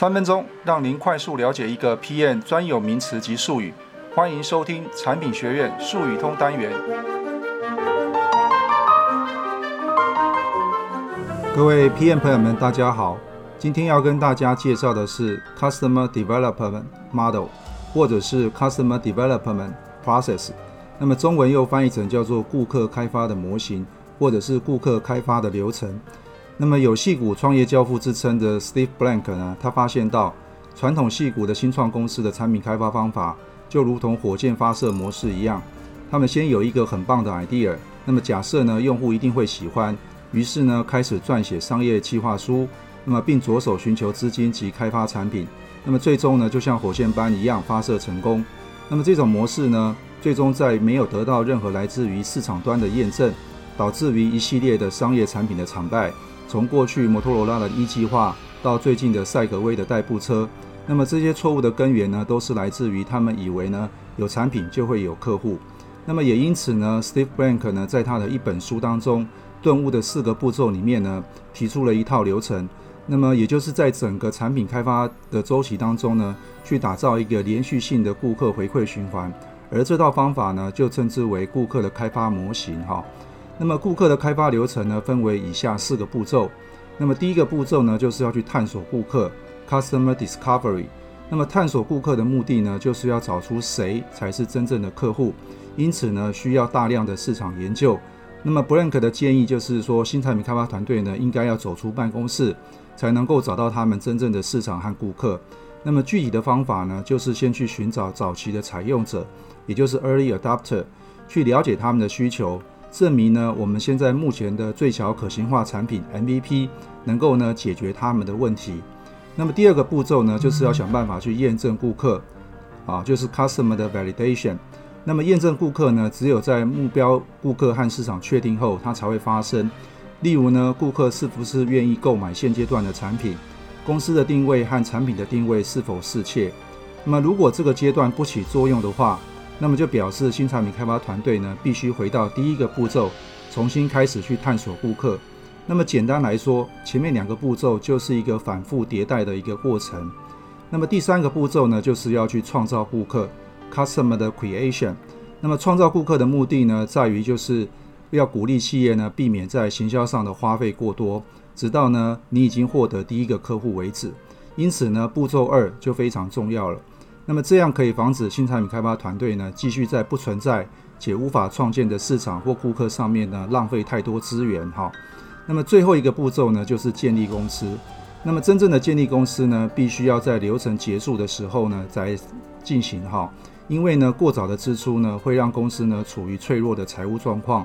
三分鐘讓您快速了解一個 PM 專有名詞及術語，歡迎收聽產品學院術語通單元。各位 PM 朋友們，大家好，今天要跟大家介紹的是 Customer Development Model，或者是 Customer Development Process，那麼中文又翻譯成叫做顧客開發的模型，或者是顧客開發的流程。那麼有矽谷創業教父之稱的 Steve Blank 呢，他發現到傳統矽谷的新創公司的產品開發方法就如同火箭發射模式一樣，他們先有一個很棒的 idea，那麼假設呢用戶一定會喜歡，於是呢開始撰寫商業計劃書，那麼並着手尋求資金及開發產品，那麼最終呢就像火箭般一樣發射成功。那麼這種模式呢，最終在沒有得到任何來自於市場端的驗證。導致於一系列的商業產品的慘敗，從過去摩托羅拉的銥計劃，到最近的賽格威的代步車，那麼這些錯誤的根源呢，都是來自於他們以為呢有產品就會有客戶，那麼也因此呢，Steve Blank 呢在他的一本書當中，頓悟的四個步驟裡面呢，提出了一套流程，那麼也就是在整個產品開發的週期當中呢，去打造一個連續性的顧客回饋循環，而這套方法呢，就稱之為顧客的開發模型哈。那麼顧客的開發流程呢，分為以下四個步驟。那麼第一個步驟呢，就是要去探索顧客 （Customer Discovery）。那麼探索顧客的目的呢，就是要找出誰才是真正的客戶。因此呢，需要大量的市場研究。那麼 Blank 的建議就是說，新產品開發團隊呢，應該要走出辦公室，才能夠找到他們真正的市場和顧客。那麼具體的方法呢，就是先去尋找早期的採用者，也就是 Early Adopter，去了解他們的需求。證明呢，我們現在目前的最小可行化產品 MVP 能夠呢解決他們的問題。那麼第二個步驟呢，就是要想辦法去驗證顧客，啊，就是 Customer 的 Validation。那麼驗證顧客呢，只有在目標顧客和市場確定後，它才會發生。例如呢，顧客是不是願意購買現階段的產品？公司的定位和產品的定位是否適切？那麼如果這個階段不起作用的話，那麼就表示新產品開發團隊呢，必須回到第一個步驟，重新開始去探索顧客。那麼簡單來說，前面兩個步驟就是一個反覆迭代的一個過程。那麼第三個步驟呢，就是要去創造顧客 （Customer 的 Creation）。那麼創造顧客的目的呢，在於就是要鼓勵企業呢，避免在行銷上的花費過多，直到呢你已經獲得第一個客戶為止。因此呢，步驟二就非常重要了。那麼這樣可以防止新產品開發團隊呢，繼續在不存在且無法創建的市場或顧客上面呢，浪費太多資源哈。那麼最後一個步驟呢，就是建立公司。那麼真正的建立公司呢，必須要在流程結束的時候呢，再進行哈。因為呢，過早的支出呢會讓公司呢處於脆弱的財務狀況。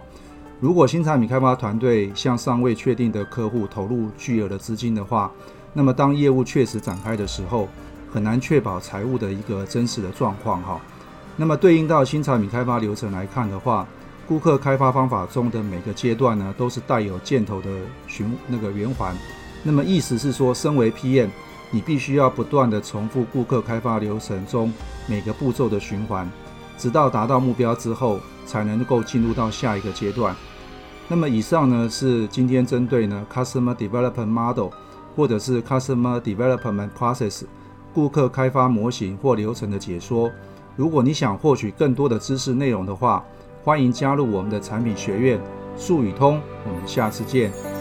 如果新產品開發團隊向尚未確定的客戶投入巨額的資金的話，那麼當業務確實展開的時候，很難確保財務的一個真實的狀況哈。那麼對應到新產品開發流程來看的話，顧客開發方法中的每個階段呢，都是帶有箭頭的循那個圓環。那麼意思是說，身為 PM，你必須要不斷地重複顧客開發流程中每個步驟的循環，直到達到目標之後，才能夠進入到下一個階段。那麼以上呢是今天針對呢 Customer Development Model 或者是 Customer Development Process。顧客開發模型或流程的解說。如果你想獲取更多的知識內容的話，歡迎加入我們的產品學院——術語通。我們下次見。